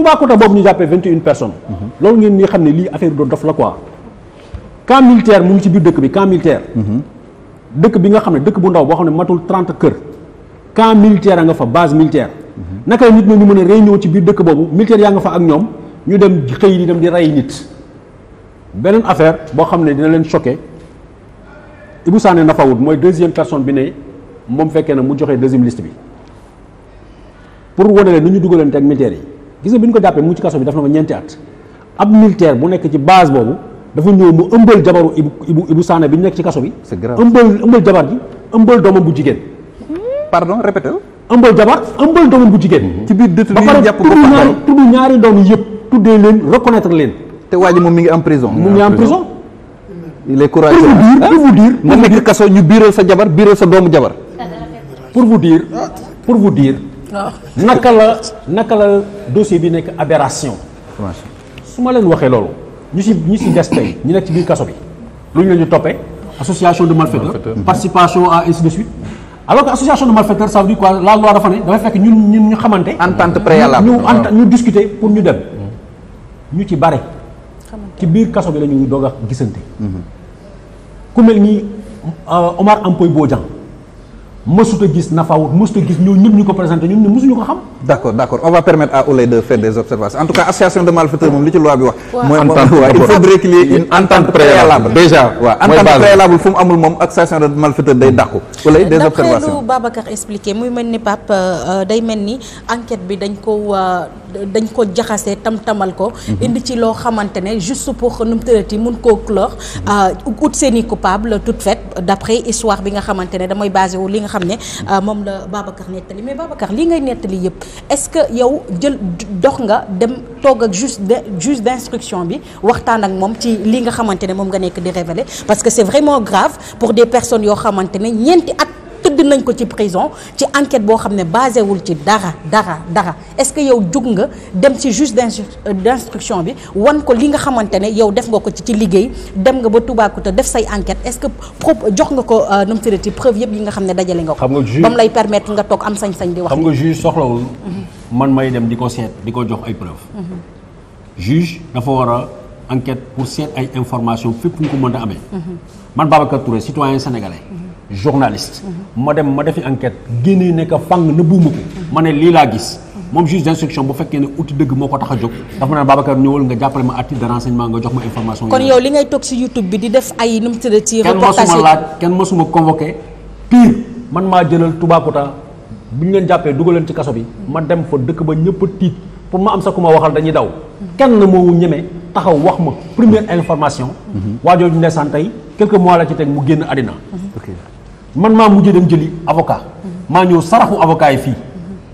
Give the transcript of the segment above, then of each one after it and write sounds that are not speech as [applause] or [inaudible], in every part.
Toubacouta boobu ñu jàppee vingt et une personnes loolu ngeen ñi xam ne lii affaire do dof la quoi camp militaire mu ngi ci biir dëkk bi camp militaire dëkk bi nga xam ne dëkk bu ndaw boo xam ne matul trente kër camp militaire a nga fa base militaire naka la nit ñoo ñu mën a réunion ci biir dëkk boobu militaire yaa nga fa ak ñoom ñu dem xëy di dem di rey nit beneen affaire boo xam ne dina leen choqué Ibou Sané Nafawut mooy deuxième personne bi ne moom fekkee na mu joxee deuxième bi pour wane leen nu ñu dugaleen teg militaire yi gis bi ñu ko jàppee mu ci kaso bi daf na ko ñeenti at ab militaire bu nekk ci base boobu dafa ñëw mu ëmbal jabaru Ibu Ibu Ibu Sané bi ñu nekk ci kaso bi. c'est grave ëmbal ëmbal jabar ji ëmbal doomam bu jigéen. pardon répété ëmbal jabar bu jigéen. Mhm. ci biir dëtt bi jàpp ko ba pare tudd ñaari doom yëpp tuddee leen reconnaître leen. te waa ji moom mi ngi en prison. mu ngi en prison. il est courageux pour vous dire pour vous dire. nga nekk kaso ñu biiral sa jabar biiral sa doomu jabar. pour vous pour vous naka la naka la dossier bi nekk aberration. su ma leen waxee loolu ñu si ñu si des tey ñu nekk ci biir kaso bi lu ñu la ñu toppee association de malfaiteurs mm-hmm. participation à ainsi de suite alors que association de malfaiteurs ça veut dire quoi la loi dafa ne dafay fekk ñun ñu xamante. entente préalable ñu ñu discuter pour ñu dem. Mm-hmm. ñu ci bare. ci biir kaso bi la ñuy doog a gisante. Mm-hmm. ku mel ni euh, Omar boo Bodian. mësut a gis nafawut mësut a gis ñoo ñëpp ñu ko présenté ñoom ne mësuñu ko xam d'accord d'accord on va permettre à Oulay de faire des observations en tout cas association de malfaiteurs moom li ci loi bi wax mooy il faudrait qu'il y ait une entente préalable déjà waaw entente préalable fu mu amul moom association de malfaiteurs day dàqu Oulay des observations d'après lu Babacar expliqué muy mel ni Pape euh, euh, day mel ni enquête bi dañ ko euh, dañ ko jaxase tam-tamal ko mhm. indi ci loo xamante ne juste pour nu mu tërati mun koo clore mhm. euh, ut seen i coupable toute fait d'après histoire bi nga xamante ne damay basé wu li nga xam ne mhm. euh, moom la Babacar nettali mais Babacar li ngay nettali yëpp est-ce que yow jël dox nga dem toog ak juge juge d'instruction bi waxtaan ak moom ci li nga xamante ne moom nga nekk di révéler parce que c'est vraiment grave pour des personnes yoo xamante ne ñeenti at nañ ko ci prison ci enquête boo xam ne basé wul ci dara dara dara est-ce que yow jug nga dem ci juge d'instruction bi wan ko li nga xamante ne yow def nga ko ci ci liggéey dem nga ba Toubacouta def say enquête est-ce que pro jox nga ko euh, nu mu tuddati preuve yëpp yi nga xam ne dajale nga ko. xam nga juge ba mu lay permettre nga toog am sañ-sañ di wax. soxlawul. Mm-hmm. man may dem di ko seet di ko jox ay preuve mm-hmm. juge dafa war a enquête pour seet ay information fépp fu ñu ko mën a amee. Mm-hmm. man Babacar Touré citoyen journaliste. ma dem ma defi enquête génnee ne que fang na buuma ko. ma ne lii laa gis. moom juge d'instruction bu fekkee ne uti dëgg moo ko tax a jóg dafa naan Babacar ñëwal nga jàppale ma à titre de renseignement nga ma information. kon yow li ngay toog si YouTube bi di def ay nu mu tëddee. reportage kenn mosuma laaj kenn mosuma convoqué. man maa jëlal Toubacouta bu ñu leen jàppee dugaleen ci kaso bi. ma dem fo dëkk ba ñëpp a tiit pour ma am sa ku ma waxal dañuy daw. kenn moo ñeme taxaw wax ma première information. Mhm. waa jooju ndeysaan tey quelques mois la ci teg mu génn àddina. man maa mujj dem jëli avocat maa ñëw saraxu avocat yi fii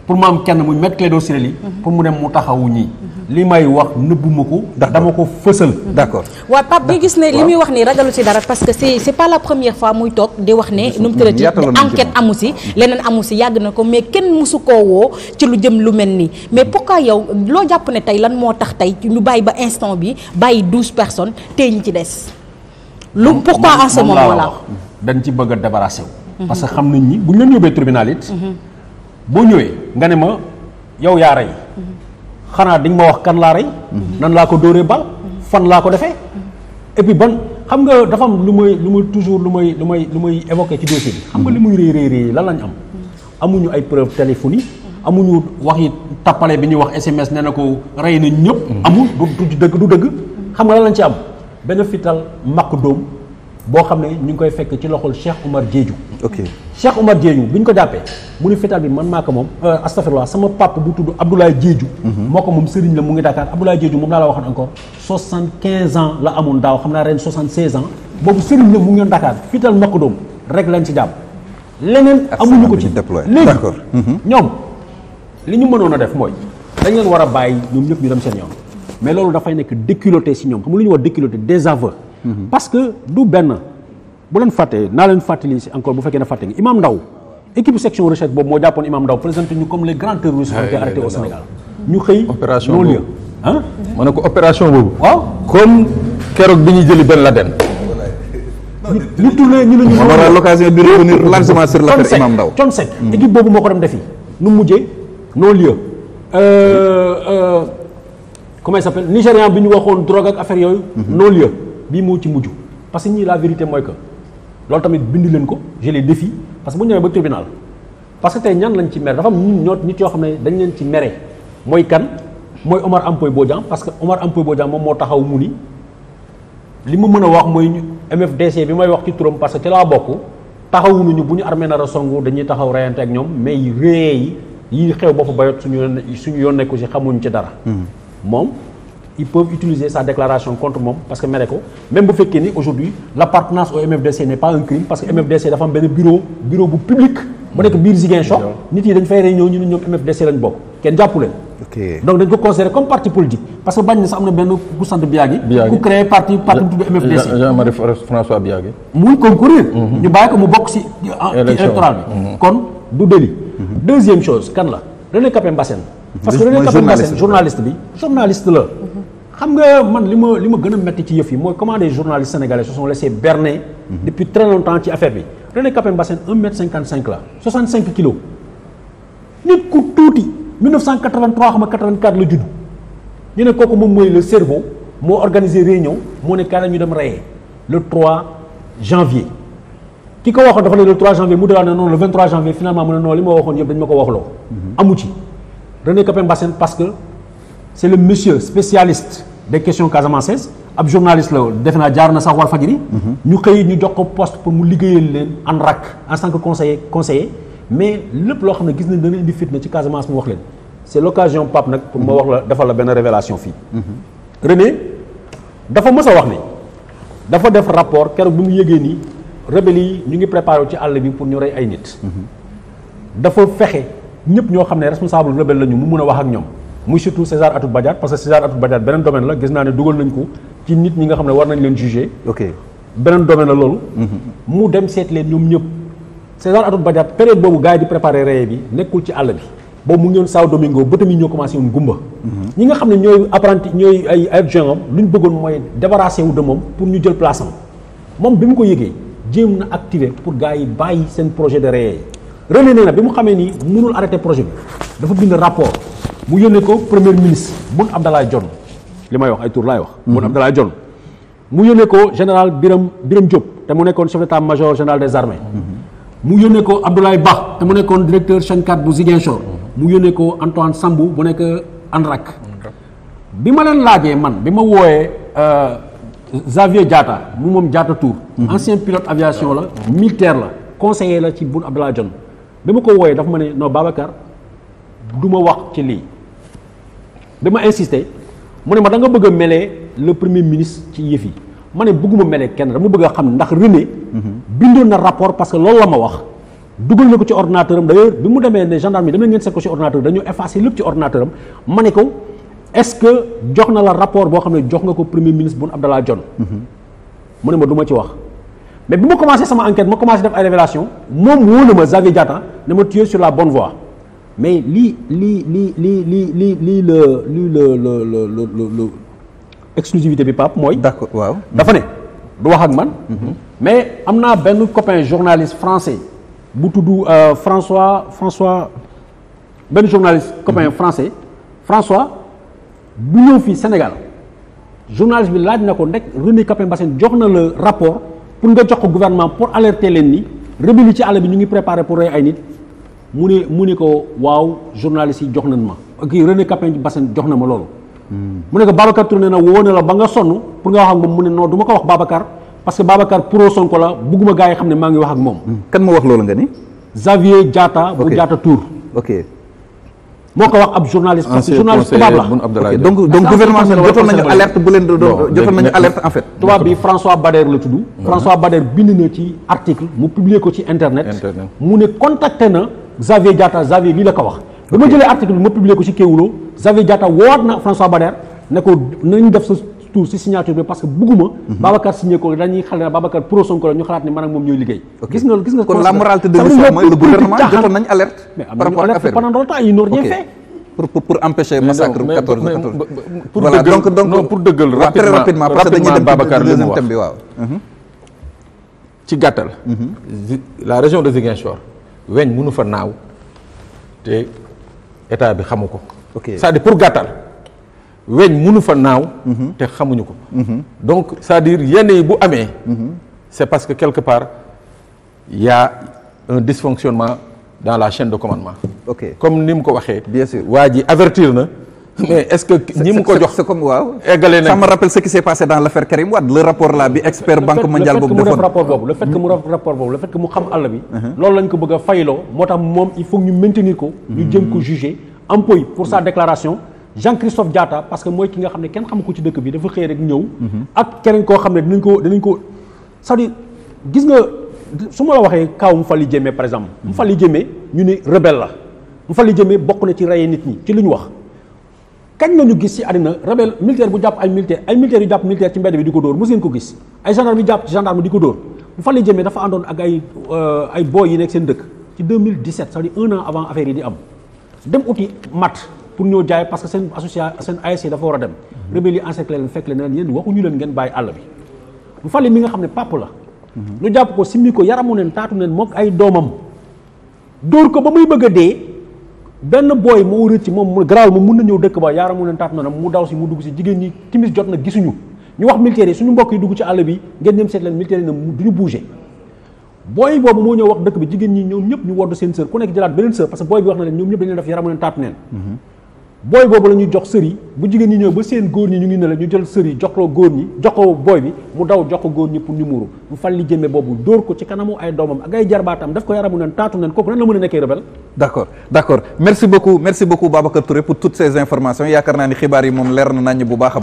pour ma am kenn muy mettre clé dossier li pour mu dem mu taxawu ñii li may wax nëbbuma ko ndax dama ko fësal d'accord waaw Pape ñu gis ne li muy wax nii ragalu si dara parce que c'est c'est la première fois muy toog di wax ne nu mu tëddati enquête amu si leneen amu si yàgg na ko mais kenn mosu koo woo ci lu jëm lu mel nii mais pourquoi yow loo jàpp ne tey lan moo tax tey ñu bàyyi ba instant bi bàyyi douze personnes tey ñi ci des lu pourquoi en ce moment dañ ci bëgg a mhm. parce que xam nañ ni bu ñu leen yóbbee tribunal it. Mhm. boo ñëwee nga ne ma yow yaa rey. Mhm. xanaa dañ ma wax kan laa rey. nan laa ko dóoree bal. fan laa ko defee. et puis ban xam nga dafa am lu may lu may toujours lu may lu may lu may évoqué ci dossier xam nga li muy rëy rëy rëy lan lañ am. amuñu ay preuve téléphonique. amuñu waxi tappale bi ñuy wax SMS nee na ko rey nañ ñëpp. amul du du dëgg du dëgg. xam nga lan lañ ci am benn fital makk doom. boo xam ne ñu ngi koy fekk ci loxol Cheikh Oumar Diédhiou. ok Cheikh Oumar Diédhiou bi ñu ko jàppee mu ni fetal bi man maa ko moom euh, astafirullah sama papa bu tudd Abdoulaye Diédhiou. Mhm. moo ko moom Serigne la mu ngi Dakar Abdoulaye Diédhiou moom laa la wax encore soixante quinze ans la amoon daaw xam naa ren soixante seize ans boobu Serigne la mu ngi Dakar fital nokk doom rek lañ ci jàpp. leneen amuñu ko ci léegi d'accord mhm. ñoom li ñu mënoon a def mooy dañ leen war a bàyyi ñoom ñëpp ñu dem seen yoon mais loolu dafay nekk déculotté si ñoom xam nga lu ñu war déculotté désaveu Mhm. parce que du benn bu leen fàtte naa leen fàttali si encore bu fekkee ne fàtte nga Imam Ndaw équipe section recherche boobu moo jàppoon Imam Ndaw présenté ñu comme les grands terroristes qui ont au Sénégal ñu xëy non lieu ne ko boobu waaw comme bi ñu tourné ñu ne ñu on aura l'occasion de revenir largement sur l'affaire Imam Ndaw Thione Seck mhm. équipe moo ko dem defi nu mujjee non lieu euh, euh, comment il s'appelle bi ñu waxoon drogue ak affaire yooyu mhm. non lieu bii moo ci mujj parce que ñii la vérité mooy que loolu tamit bind leen ko je les défie parce que bu ñu demee ba tribunal parce que tey ñan lañ ci mere dafa am ñun ñoo nit yoo xam ne dañ leen ci mere mooy kan mooy Omar boo Bodian parce que Omar boo Bodian moom moo taxaw mu ni li mu mën a wax mooy MFDC bi may wax ci turam parce que ci laa bokk taxawuñu ñu bu ñu armée nar a dañuy taxaw reyante ak ñoom mais réer yi yi xew ba fa bayot suñu suñu yoon nekku si xamuñ ci dara hmm. moom ils peuvent utiliser sa déclaration contre moom parce que mere ko même bu fekkee ni aujourd'hui l'appartenance au MFDC n'est pas un crime parce que MFDC dafa am benn bureau bu public bu nekk biir Ziguinchor nit yi dañ fay réunion ñu ne ñoom MFDC lañ bokk kenn jàppu leen donc dañ ko considéré comme parti politique parce que bañ na sax am na benn ku sant Biagui ku créé parti parti bu tudd MFDC Jean-Marie François Biagui muy concourir mhm. ñu bàyyi ko mu bokk ci électoral bi mhm. kon mhm. que xam nga man li ma li ma gën a metti ci yëf yi mooy comment des journalistes sénégalais se sont laissés berner. Mhm. depuis très longtemps ci affaire bi. René Capain Bassène 1 mètre 55 la 65 kilos nit ku tuuti la judd ñu ne kooku moom mooy le cerveau moo organisé réunion moo ne kaay ñu dem reyee le 3 janvier. ki ko waxoon dafa ne le 3 janvier mu delloo ne noonu le janvier finalement mu ne noonu li ma waxoon yëpp dañ ma ko waxloo. Mhm. amu ci parce que. c'est le monsieur spécialiste des questions casamançaises ab journaliste la woon defe naa jaar na sax Walfadjri mhm. ñu xëy ñu jox ko poste pour mu liggéeyal leen ANRAC en tant que conseiller conseiller mais lépp loo xam ne gis nañ dana indi fitna ci Casamance mu wax leen c'est l'occasion Pape nag pour ma mhm. wax la defal la benn révélation fii mhm. René dafa mës wax ni dafa def rapport keroog bi mu yëgee nii rebelle yi ñu ngi préparé ci àll bi pour ñu rey ay nit dafa fexe ñëpp ñoo xam ne responsable rebelle la ñu mu mun a wax ak ñoom muy surtout César Atoute Badiate parce que César Atoute Badiate beneen domaine la gis naa ne dugal nañ ko ci nit ñi nga xam ne war nañ leen juger. ok beneen domaine la loolu. Mhm. mu dem seet leen ñoom ñëpp. César Atoute Badiate période boobu gars yi di préparer rey bi nekkul ci àll bi. boobu mu ngi doon Sao Domingo ba tamit ñoo commencé woon gumba. Mhm. ñi nga xam ne ñooy apprenti ñooy ay adjoint am lu ñu bëggoon mooy débarrasser wu de moom pour ñu jël place moom bi mu ko yëgee jéem na activer pour gars yi bàyyi seen projet de rey yi. René nee bi mu xamee ni mënul arrêter projet bi dafa bind rapport. mu yónnee ko premier ministre Boun Abdallah Dionne li may wax ay tour laay wax. Boun mhm. Abdallah Dionne mu yónnee ko général biram Birame Diop te mu nekkoon chef d'état-major général des armées. Mhm. mu yónnee ko Abdoulaye Ba te mu nekkoon directeur chaîne 4 bu Ziguinchor. Mhm. mu yónnee ko Antoine sambu bu nekk ANRAC. bi ma leen laajee man bi ma wooyee euh, Xavier jaata bu moom jaata Tour. ancien pilote aviation la. militaire la conseiller la ci Boun Abdallah Dionne bi ma ko wooyee dafa ma ne non Babacar du ma wax ci lii. dama insister mu ne ma danga nga bëgg a mêler le premier ministre ci yëf yi ma ne bëgguma mêler kenn dama bëgg a xam ndax René. bindoon na rapport parce que loolu la ma wax. dugal na ko ci ordinateur am d'ailleurs bi mu demee ne gendarme yi dem na ngeen seet ko ci ordinateur dañoo effacé lépp ci ordinateur ma ne ko est-ce que jox na la rapport boo xam ne jox nga ko premier ministre Boun Abdallah Dionne. mu ne ma duma ci wax. mais bi ma commencé sama enquête ma commencé def ay révélation ma Xavier Diatta ne ma tué la bonne voie. mais lii lii lii lii lii lii lii la lii la la exclusivité bi Pape mooy. d'accord waaw dafa ne du wax ak man. Mhm. mais am naa benn copain journaliste français bu tudd euh, François François benn journaliste copain mhm. français François bu ñëw fii Sénégal journaliste bi laaj na ko ndek René Capain Bassène jox na le rapport pour nga jox ko gouvernement pour alerter leen ni rébellion ci àll bi ñu ngi préparé pour rey ay nit. mu ne mu ne ko waaw journaliste yi jox nañ ma kii René Capain Bassène jox na ma loolu. mu ne ko Babacar Touré na woo na la ba nga sonn pour nga wax ak moom mu ne non du ma ko wax Babacar parce que Babacar pro Sonko la bugguma gars yi xam ne maa ngi wax ak moom. Hmm. kenn ma wax loolu nga ni. Xavier Diatta. bu Diatta Tour. moo ko wax ab journaliste. parce que journaliste tubaab la donc donc gouvernement bi jotoon nañu alerte bu leen doon alerte en fait. bi François Bader la tudd. François Bader bind ko ci internet. mu ne contacté na. Xavier Diatta Xavier lii la ko wax. ba ma jëlee article bi ma publié ko ci Kewoulo Xavier Diatta woowaat na François Badère ne nañu def sa tour ci signature bi parce que bugguma. Mhm. Babacar signé ko dañuy xale na Babacar pro Sonko la xalaat ne man ak moom ñooy liggéey. gis nga gis nga kon la moralité de l'histoire mooy le gouvernement jotoon nañu alerte. par rapport ak affaire mais am nañu alerte pendant longtemps ils dem bi waaw. ci gàttal. Mhm. la région de Ziguinchor. weñ munu fa naaw te état bi xamu ko cest à pour gàttal weñ munu fa naaw mhm. te xamuñu ko mhm. donc c'est-à-dire yenn yi bu amee mhm. c'est parce que quelque part y a un dysfonctionnement dans la chaîne de commandement ok comme ni mu ko waxee waa ji avertir na [laughs] mais est-ce que ko jox c'est comme waaw. eggale nañ ça me rappelle ce qui s'est passé dans l'affaire Karim Wade le rapport là bi expert banque mondiale boobu boobu le fait mu xam àll bi uh-huh. loolu lañ ko bëgg fayloo moo tax moom il faut ñu maintenir ko ñu mm-hmm. jëm ko juger ampoy pour sa mm-hmm. déclaration Jean-Christophe Diatta parce que mooy ki nga xam ne kenn xam ko ci dëkk bi dafa xëy rek ñëw mm-hmm. ak keneen koo xam ne dinañ ko dinañ ko cest à gis nga su ma la waxee kaw mu fali jëmee par exemple mu fali jëmee ñu ni rebelle la mu fali jëmee bokk na ci rey nit ñi ci lu ñu wax kañ la ñu gis ci àddina rebelle militaire bu jàpp ay militaire ay militaire yu jàpp militaire ci mbedd bi di ko dóor mos ngeen ko gis ay gendarme yu jàpp ci gendarme di ko dóor bu fa lay dafa àndoon ak ay euh, ay yi nekk seen dëkk ci 2017 c'est-à-dire un an avant affaire yi di am dem uti mat pour ñoo jaay parce que seen association seen ASC dafa war a dem mhm. rebelle yi encercler leen fekk leen ne leen waxuñu leen ngeen bàyyi àll bi bu fale mi nga xam ne pàpp la mhm. ñu jàpp ko simmi ko yaramu neen taatu neen mook ay doomam dóor ko ba muy bëgg a benn booy moo rëcc moom garaawul moom mun na ñëw dëkk ba yaaramu leen taat noonu mu daw si mu dugg si jigéen ñi timis jot na gisuñu ñu wax militaire yi suñu mbokk yi dugg ci àll bi ngeen dem seet leen militaire yi ne duñu bouger booy boobu moo ñëw wax dëkk bi jigéen ñi ñoom ñëpp ñu wodd seen sër ku nekk jëlaat beneen sër parce booy bi wax na leen ñoom ñëpp leen def yaaramu leen taatu neen booy boobu la ñu jox sër bu jigéen ñi ñëw ba seen góor ñi ñu ngi ne la ñu jël sër yi jox ko góor ñi jox ko booy bi mu daw jox góor ñi pour ñu muuru mu fal li jëmme boobu dóor ko ci kanamu ay doomam ak ay jarbaatam daf ko yaramu nen taatu nen kooku nan la mën a nekkee rebelle d' accord merci beaucoup merci beaucoup Babacar pour toutes ces informations yaakaar naa ni xibaar yi moom leer na nañu bu baax ba